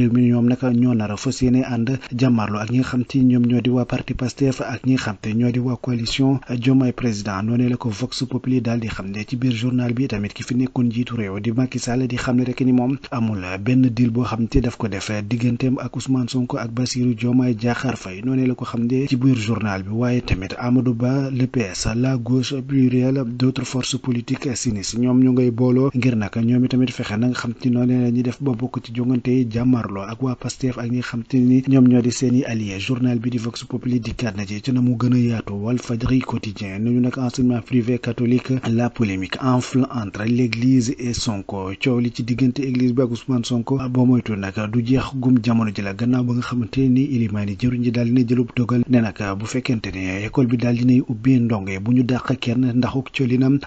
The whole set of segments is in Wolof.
réew mi ñoom nag ñoo nar a fas yéene ànd jàmmarlo ak ñi xam te ñoom ñoo di waa parti Pastef ak ñi xam te ñoo di waa coalition Diomaye président noonee la ko Vox Populi daal di xam ne ki fi nekkoon njiitu réew di Macky ni moom amul benn deal boo xam te daf ko def digganteem ak Ousmane Sonko ak Bassirou Diomaye Diakhar Faye noonee la ko xam ne ci biir journal bi waaye tamit Amadou Ba le PS la gauche plurielle d'autres forces politiques sinistres ñoom ñu ngay booloo ngir nag ñoom i fexe na nga xam te noonee la ñuy jàkkaarloo ak waa Pastef ak ñi xam ni ñoom ñoo di seen i allié journal bi di Vox Populi dikkaat na ci ci na mu gën a yaatu Walfadjri quotidien nañu nag enseignement privé catholique la polémique enfle entre l'église et Sonko coow li ci diggante église bi ak Ousmane Sonko boo moytu nag du jeex gum jamono ji la gannaaw ba nga xamante ni ilimaani jëruñ ji daal dina jëlub dogal ne nag bu fekkente ne école bi daal dinay ubbi ndonge bu ñu dàq kenn ndaxuk colinam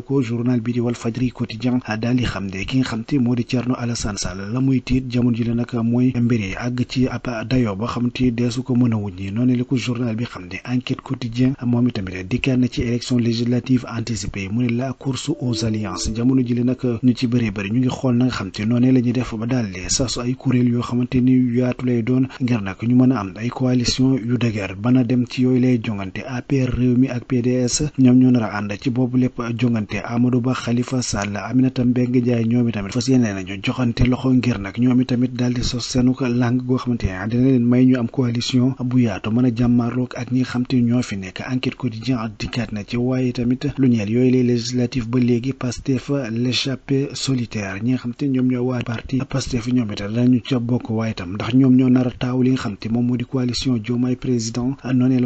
la ko journal bi di Walf Fadjri quotidien daal di xam ne ki nga xam moo di Thierno Alassane Sall la muy tiit jamono ji la nag mooy mbir yi àgg ci ab dayoo ba xam deesu ko mën a wuññi noonu la ko journal bi xam ne enquête quotidien moom itamit dikkaat na ci élection législative anticipée mu ne la course aux alliances jamono ji la nag ñu ci a am ay coalition yu dëgër bana dem ci yooyu lay jongante APR réew mi ak PDS ñoom ñoo nar a ànd Mbacké Amadou Ba Khalifa Sall Aminata Mbengue Ndiaye ñoom i tamit fas yéene nañu joxante loxo ngir nag ñoom i tamit may ñu am coalition bu yaatu mën a jàmmaarloog ak ñi xam te ñoo fi nekk enquête quotidien dikkaat na ci waaye tamit lu ñeel yooyu les législatives ba léegi Pastef l'échappée solitaire ñi nga xam te ñoom ñoo waa parti Pastef ñoom itam dañu ca bokk waaye tam ndax ñoom ñoo nar a li xam te moom moo di coalition Diomaye président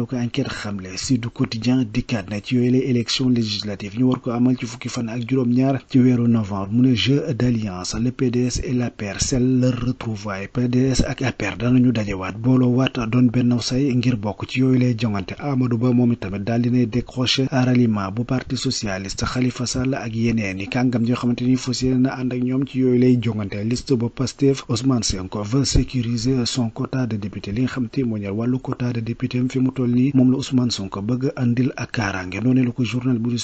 ko enquête xamle si du quotidien dikkaat na ci yooyu ci fukki fan ak juróom-ñaar ci weeru novembre mu ne jeu d'alliance le PDS et l'APR c'est leur retrouvaille PDS ak APR danañu dajewaat booloo waat doon benn say ngir bokk ci yooyu lay jongante Amadou Ba moom itamit daal dinay décroché araliment bu parti socialiste xalifa Sall ak yeneen yi kàngam yoo xamante ni fas yéene na ànd ak ñoom ci yooyu lay jongante liste ba Pastef Ousmane Sonko veut sécuriser son quota de député li nga xam te moo ñor wàllu quota de député fi mu toll nii moom la Ousmane Sonko bëgg andil ak kaaraange noonu la ko journal bu du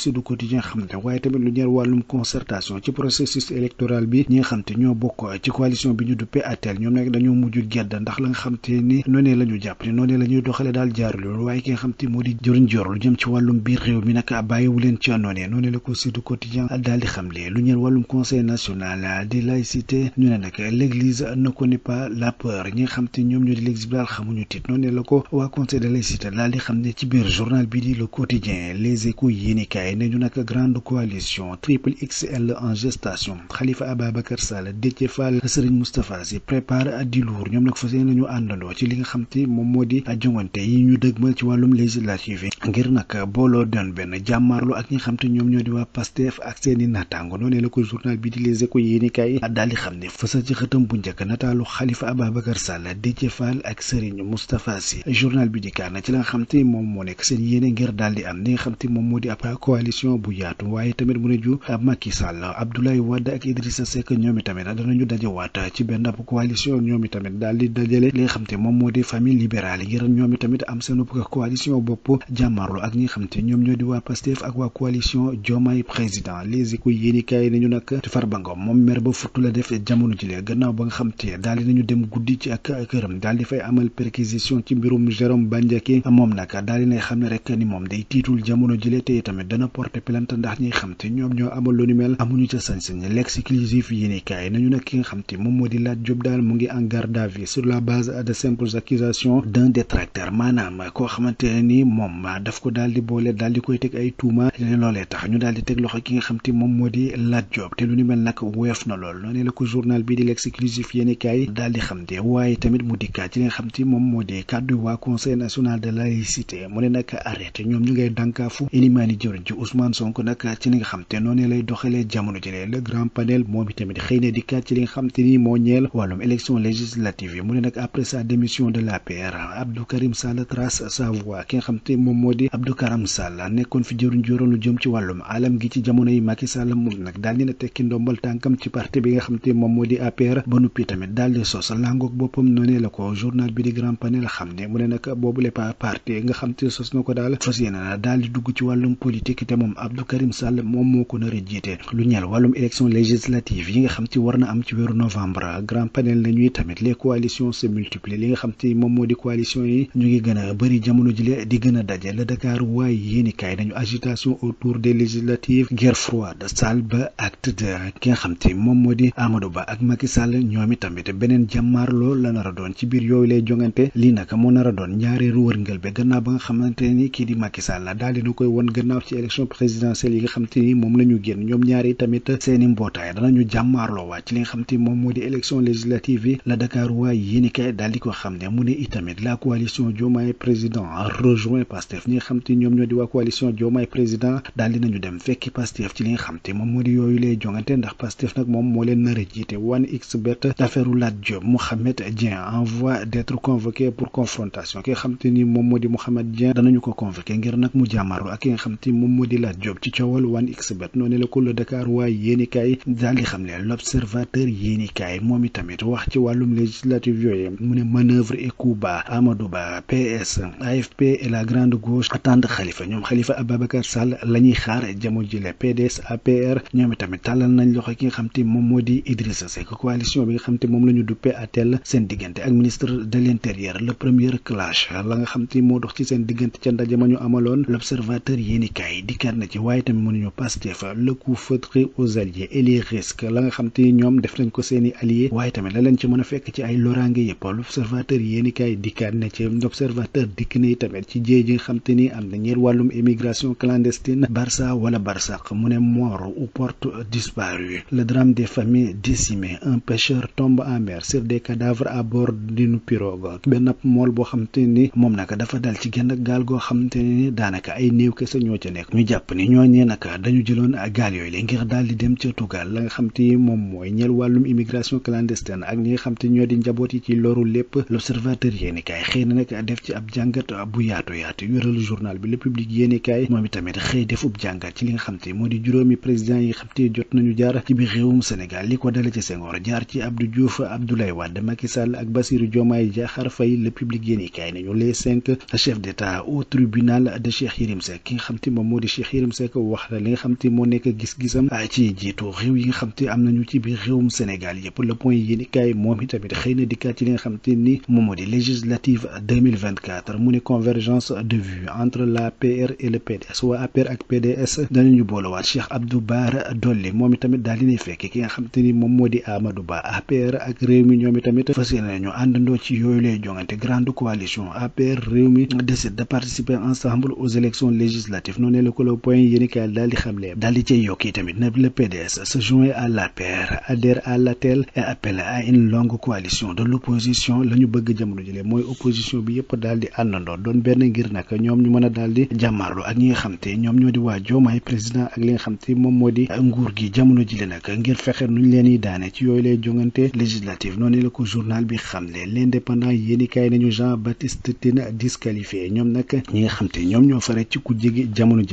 waaye tamit lu ñeel wàllum concertation ci processus électoral bi ñi nga xam ñoo bokk ci coalition bi ñu duppee ATEL ñoom nag dañoo mujj gedd ndax la nga xam te ni noonee la ñu jàpp ni noonee la ñuy doxale daal jaarul yoon waaye ki nga xam te moo di jëriñ jor lu jëm ci wàllum biir réew mi nag bàyyiwu leen ci noonee noonee la ko Sud Quotidien daal di xamle lu ñeel wàllum conseil national de laïcité ñu ne nag l'église ne xam te ñoom ñoo di l'église bi daal xamuñu tiit noonee la ko waa conseil de laïcité coalition triple XL en gestation Khalifa Ababacar Sall Déthié Fall Serigne Moustapha Sy prépare di ci li nga xam te moom moo di jongante yi ñu dëgmal ci wàllum législative yi ngir benn jàmmaarlu ak ñi nga xam te ñoo di waa Pastef ak seeni naataango noonee la ko journal bi di Les Échos yéenikaay daal di xam ne fësal ci xëtam bu njëkk nataalu Khalifa Ababacar Sall Déthié Fall ak Serigne Moustapha la nga xam moom moo nekk seen yéene ngir daal am li nga xam moom moo di ab coalition bu yaatu waaye tamit mu ne ju Macky Sall Abdoulaye Wade ak Idrissa Seck ñoom itamit danañu dajewaat ci benn ab coalition ñoom itamit daal di dajale li nga moom moo di famille libérale ngir ñoom itamit am seen coalition bopp jàmmarlu ak ñi nga ñoom ñoo di waa Pastef ak waa coalition Diomaye Président Les Échos yéenikaay nañu nag Farba Ngom moom mer ba furtu la def jamono jile gannaaw ba nga xam te daal nañu dem guddi ci ak këram daal fay amal xam te ñoom ñoo amal lu ni mel amuñu ca sañ-sañ l'exclusif yéenekaay nañu nag nga xam te moom moo di Lat Diop daal mu ngi en garde à vue sur la base de simples accusations d'un détracteur maanaam koo xamante ni moom ma daf ko daal di boole daal di koy teg ay tuuma loolee tax ñu daal di teg loxo ki nga xam te moom moo di Lat Diop te lu ni mel nag woyof na lool noonu la ko journal bi di l'exclusif yéenekaay daal di xam te waaye tamit mu dikkaat ci li nga moom moo di kàddu waa conseil national de laïcité mu ne nag arrêté ñoom ñu ngay dànkaafu inimaani jëwriñ ci Ousmane Sonko nag ci li nga xam te noonu lay doxalee jamono ji le grand panel moom itamit xëy na di kat ci li nga xam te ni moo ñeel wàllum élection législative yi mu ne nag après sa démission de l'APR Abdou Karim Sall trace sa voie ki nga xam te moom moo di Abdou Karim Sall nekkoon fi jëruñ joroon ci wàllum alam gi ci jamono yi Macky Sall moom nag daal dina tekki ndombal tànkam ci parti bi nga xam te moom moo di APR ba noppi tamit daal di sos langoog boppam noonee la ko journal Sall moom moo ko nar a jiite lu ñeel wàllum élection législative yi nga xam te war na am ci weeru novembre grand panel na tamit les coalitions se multiplient li nga xam te moom moo di coalition yi ñu ngi gën a bëri jamono jile di gën a daje la Dakar waaye yéeni nañu agitation autour des législatives guerre froide Sall ba acte deux ki xam te moom moo di Amadou Ba ak Macky Sall ñoom i beneen jàmmaarloo la nar a doon ci biir yooyu lay jongante lii nag moo nar a doon ñaareelu wërngël be gannaaw nga xam te ni moom la ñu génn ñoom ñaari tamit seeni mbootaay danañu jàmmaarloo waa ci li nga xam te ni moom moo di élection législative yi la Dakar waay yéenikaay daal ko xam moom moo di yooyu lay jongante ndax Pastef nag moom moo leen nar a jiite x bet d'affaire Lat Diop Mohamed Dieng en d'être convoqué pour confrontation ki nga ni moom moo di Mohamed Dieng danañu ko convoqué ngir nag mu jàmmaarloo ak ki nga moom moo di Lat Diop ci coowal amal wan xbet noonu la ko le Dakar waaye yéenikaay daal di xam ne l'observateur yéenikaay moom itamit wax ci wàllum législative yooyu mu ne manœuvre et coup bas Amadou Ba PS AFP et la grande gauche attendent xalifa ñoom Khalifa Ababacar Sall la ñuy xaar jamono jile PDS APR ñoom itamit tàllal nañ loxo ki nga xam te moom moo di Idrissa Seck coalition bi nga xam te moom la ñu duppee atel seen diggante ak ministre de l'intérieur le premier clash la nga xam te moo dox ci seen diggante ca ndaje ma mënuñu Pastef le coup feutré aux alliés et les risques la nga xam te ñoom def nañ ko seeni alliés waaye tamit la leen ci mën a fekk ci ay loraange yëpp l'observateur yéeni kaay dikkaat na ci l'observateur dikk na tamit ci jéey ji ni am na ñeer wàllum immigration clandestine Barça wala Barsaq mu ne mort ou porte disparue le drame des familles décimées un pêcheur tombe en mer sur des à bord d'une pirogue benn mool boo xam ni moom naka dafa dal ci nag dañu jëloon gaal yooyu la ngir daal di dem ca Tugal la nga xam te moom mooy ñeel wàllum immigration clandestine ak ñi nga xam te ñoo di njaboot yi ci loru lépp l'observateur yéeni kaay xëy na nag def ci ab jàngat bu yaatu yaatu wéral journal bi le public yéeni kaay moom itamit xëy def ub jàngat ci li nga xam te moo di juróomi président yi xam te jot nañu jaar ci biir réewum Sénégal li ko dale ci Senghor jaar ci Abdou Diouf Abdoulaye Wade Macky Sall ak Bassirou Diomaye Diakhar Faye le public yéeni kaay nañu les cinq chefs d'état au tribunal nga xam te moom moo di Cheikh Yérim Seck wax li nga xam moo nekk gis-gisam ah, ci jiitu réew yi nga xam te am nañu ci biir réewum Sénégal yëpp le point yéeni kaay moom itamit xëy na dikkaat ci li nga xam te ni moom moo di législative 2024 mu ne convergence de vue entre l'APR et le PDS waa APR ak PDS danañu boolawaat Cheikh Abdou Bara Dolly moom itamit daal di ne fekk ki nga xam te ni moom moo di amadu Ba APR ak réew mi ñoom itamit fas yéene nañu àndandoo ci yooyu lay jongante grande coalition APR réew mi décide de participer ensemble aux daal di xamle daal di cay yokk tamit ne le PDS se joint à l'APR adhère à l'ATEL et appelle à une longue coalition de l'opposition la ñu bëgg jamono jëlee mooy opposition bi yëpp daal di àndandoo doon benn ngir nag ñoom ñu mën a daal di jàmmaarlu ak ñi nga te ñoom ñoo di waa Diomaye président ak li nga xam te moom moo di nguur gi jamono jëlee nag ngir fexe ñu leen yi daane ci yooyu lay jongante législative noonu la ko journal bi xamle l'indépendant yéeni kaay nañu Jean Baptiste Tine disqualifié ñi xam te ñoom ñoo fare ci ku jégi jamono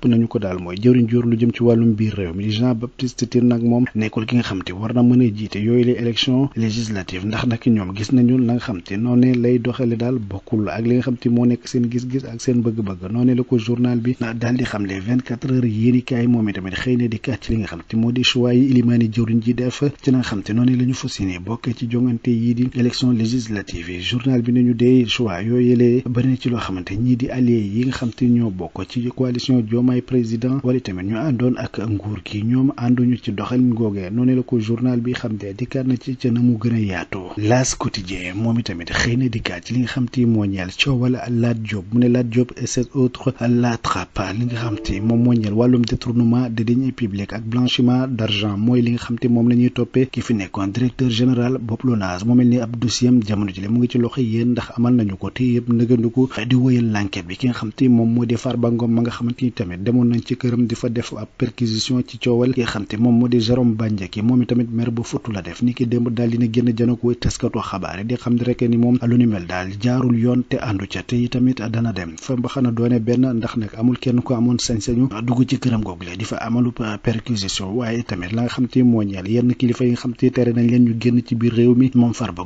nañu ko daal mooy jëriñ jur lu jëm ci wàllum biir réew mi Jean Baptiste Tine nag moom nekkul ki nga xam te war jiite yooyu la élection législative ndax nag ñoom gis nañu la nga xam noonee lay doxale daal bokkul ak li nga xam moo nekk seen gis-gis ak seen bëgg-bëgg noonee la ko journal bi daal di xam les vingt moom itamit xëy na di kàcc li nga xam moo di choix yi ilimaani jëriñ ji def ci la nga xam noonee la ñu fas bokkee ci jongante président wala tamit ñu àndoon ak nguur gi ñoom ànduñu ci doxalin googee noonu la ko journal bi xam te dikkaat na ci ca na mu gën a L'As quotidien moom itamit xëy na dikkaat ci li nga xam moom moo ñeel wàllum détournement de deniers ak blanchiment d'argent mooy li nga xam moom la toppee ki fi nekkoon directeur général bopp LONASE mel ni ab dossier jamono ji le mu ngi ci loxo yéen ndax amal nañu ko te yëpp nëgandiku di di Farba Ngom nañ ci këram di fa def ab ci coowal ki xam te moom moo di Jérôme Bandiaky moom itamit maire bu Fuuta la def ni ki démb daal dina génn janok way taskatu xabaar di xam rek ni moom lu ni mel daal jaarul yoon te àndu ca te itamit dana dem fa mbaxana doone benn ndax nag amul kenn ko amoon sañ-sañu dugg ci këram google di fa amalu perquisition waaye itamit la xam te moo yenn kilifa yi nga xam te tere nañ génn ci biir réew mi moom Farba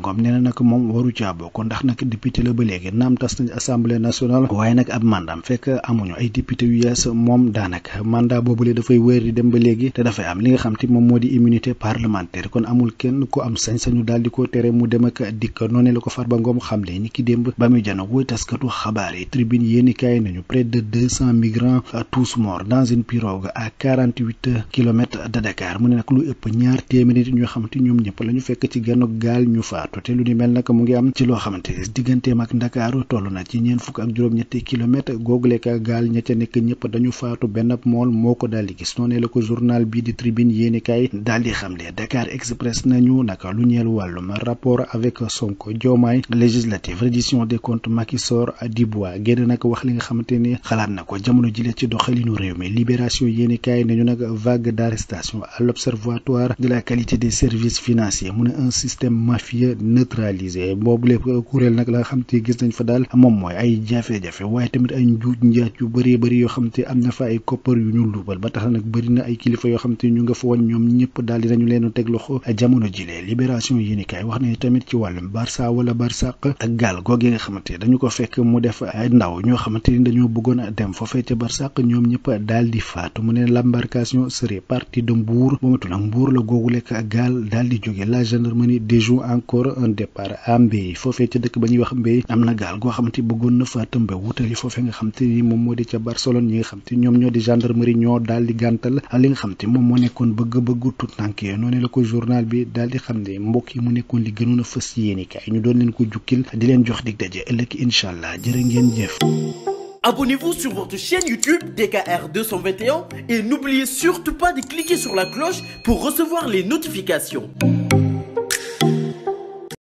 daanaka mandat boobu le dafay wéer di dem ba léegi te dafay am li nga xam te moom moo di immunité parlementaire kon amul kenn ku am sañ-sañu daal di ko tere mu dem ak dikk noonu la ko Farba Ngom xamle ni démb ba muy jano wuy taskatu xabaar yi tribune yéenikaay nañu près de deux cent euh, tous morts dans une pirogue à quarante huit mu ne nag lu ëpp ñaar téeméeri ñoo xamante ñoom ñëpp la fekk ci genn gaal ñu faatu te lu ni mel nag mu ngi na ci ñeen fukk ak juróom-ñetti njortu benn mool moo ko daal di gis noonee la ko journal bii di tribune yéenekaay daal di xamle Dakar Express nañu naka lu ñeel wàllum rapport avec Sonko Diomaye législative reddition des comptes Macky Sall Dibois génn nag wax li nga xamante ni xalaat na ko jamono jile ci doxalinu réew mi libération yéenekaay nañu nag vague d'arrestation à l'observatoire de la qualité des services financiers mu ne un système mafieux neutralisé boobu lépp kuréel nag la nga gis nañ fa daal moom mooy ay ay koppar yu ñu luubal ba tax nag bëri na ay kilifa yoo xam te ñu nga fa woon ñoom ñëpp daal di nañu leen teg loxo jamono jilee libération yéenikaay wax na tamit ci wàllum Barça wala Barsaq ak gaal googee nga xamante dañu ko fekk mu def ay ndaw ñoo xamante ni dañoo bëggoon a dem foofee ca Barsaq ñoom ñëpp daal di faatu mu ne l'embarcation serait partie de Mbour ba matul ak Mbour la googu lekk ak gaal daal di jóge la gendarmerie déjoue encore un départ à Mbéy ba ñuy wax Mbéy am na gaal goo xamante bëggoon na ñoo di gendarmerie ñoo daal di gàntal li nga xam te moom moo nekkoon bëgg-bëggu tout tànk yi noonu la ko journal bi daal xam ne mbokk mu nekkoon li gënoon a fës yéeni ñu doon leen ko jukkil di leen jox dig ëllëg incha allah jërë ngeen jëf Abonnez-vous sur votre chaîne YouTube DKR et n'oubliez surtout pas de cliquer sur la cloche pour recevoir les notifications.